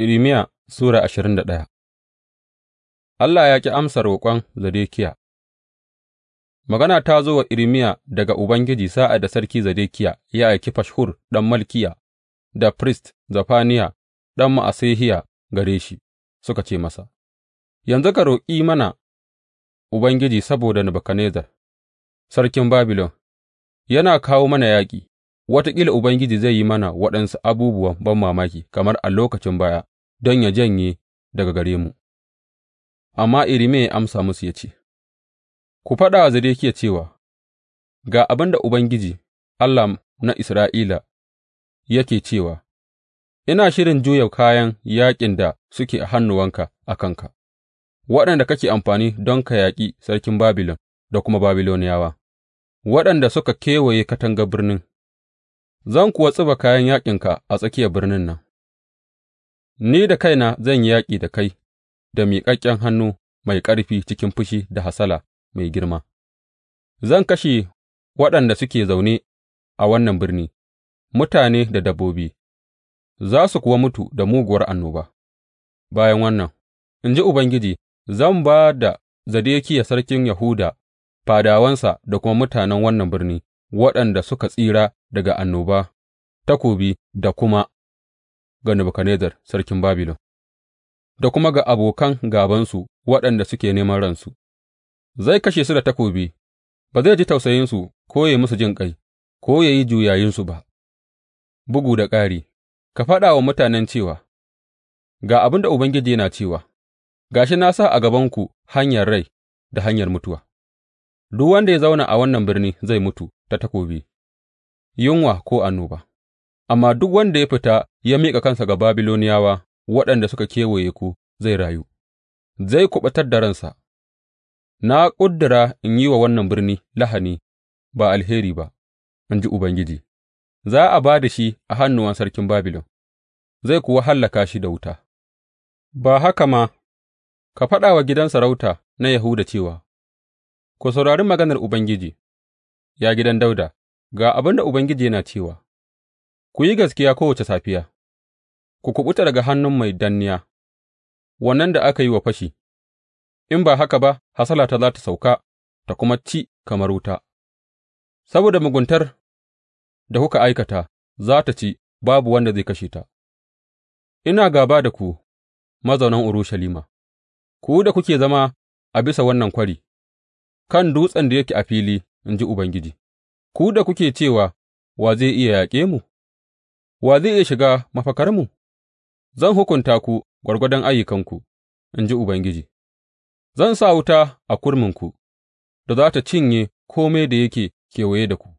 Irimiya, Sura ashirin da ɗaya. Allah ya ƙi amsa roƙon Zedekiya Magana ta zo wa Irmiya daga Ubangiji sa'ad da Sarki Zedekiya ya aiki Fashhur ɗan Malkiya da firist Zafaniya ɗan Ma'asehiya gare shi, suka ce masa, Yanzu ka roƙi mana Ubangiji saboda Nebukadnezzar, sarkin Babilon, yana kawo mana yaƙi. Wataƙila Ubangiji zai yi mana waɗansu abubuwan banmamaki kamar a lokacin baya don yă janye daga gare mu. Amma Irmiya ya amsa musu ya ce, Ku faɗa wa Zedekiya cewa, Ga abin da Ubangiji, Allah na Isra'ila, yake cewa, Ina shirin juya kayan yaƙin da suke a hannuwanka a kanka, waɗanda kake amfani don ka yaƙi sarkin Babilon da kuma Babiloniyawa, waɗanda suka kewaye katangar birnin. zan kuwa tsiba kayan yaƙinka a tsakiyar birnin nan, ni da kaina zan yi yaƙi da kai da miƙaƙƙen hannu mai ƙarfi cikin fushi da hasala mai girma, zan kashe waɗanda suke zaune a wannan birni, mutane da dabbobi, za su kuwa mutu da muguwar annoba. Bayan wannan, in ji Ubangiji, zan ba da Zedekiya sarkin Yahuda, fadawansa da kuma mutanen wannan birni waɗanda suka tsira daga annoba, takobi da kuma ga Nebukadnezzar sarkin Babilon, da kuma ga abokan gābansu waɗanda suke neman ransu, zai kashe su da takobi, ba zai ji tausayinsu ko ya yi musu jinƙai ko ya yi juyayinsu ba, bugu da ƙari, ka faɗa wa mutanen cewa, Ga abin da Ubangiji yana cewa, Ga shi na sa a gabanku hanyar rai da hanyar mutuwa, duk wanda ya zauna a wannan birni zai mutu ta takobi. yunwa ko annoba, amma duk wanda ya fita ya miƙa kansa ga Babiloniyawa waɗanda suka kewaye ku zai rayu, zai kuɓutar da ransa, na ƙudura in yi wa wannan birni lahani ba alheri ba, in ji Ubangiji, za a ba da shi a hannuwan sarkin Babilon, zai kuwa hallaka shi da wuta. Ba haka ma, ka faɗa wa gidan sarauta na Yahuda cewa, Ku saurari maganar Ubangiji, ya gidan Dauda. Ga abin da Ubangiji yana cewa, Ku yi gaskiya kowace safiya, ku kuɓuta daga hannun mai danniya, wannan da aka yi wa fashi, in ba haka ba hasalata za ta sauka ta kuma ci kamar wuta, saboda muguntar da kuka aikata za ta ci babu wanda zai kashe ta. Ina gaba da ku, mazaunan Urushalima, ku da kuke zama a bisa wannan kwari, kan dutsen da yake a fili, in ji Ubangiji. ku da kuke cewa, Wa zai iya yaƙe mu, wa zai iya shiga mafakarmu? Zan hukunta ku gwargwadon ayyukanku, in ji Ubangiji, zan sa wuta a kurminku da za ta cinye kome da yake kewaye da ku.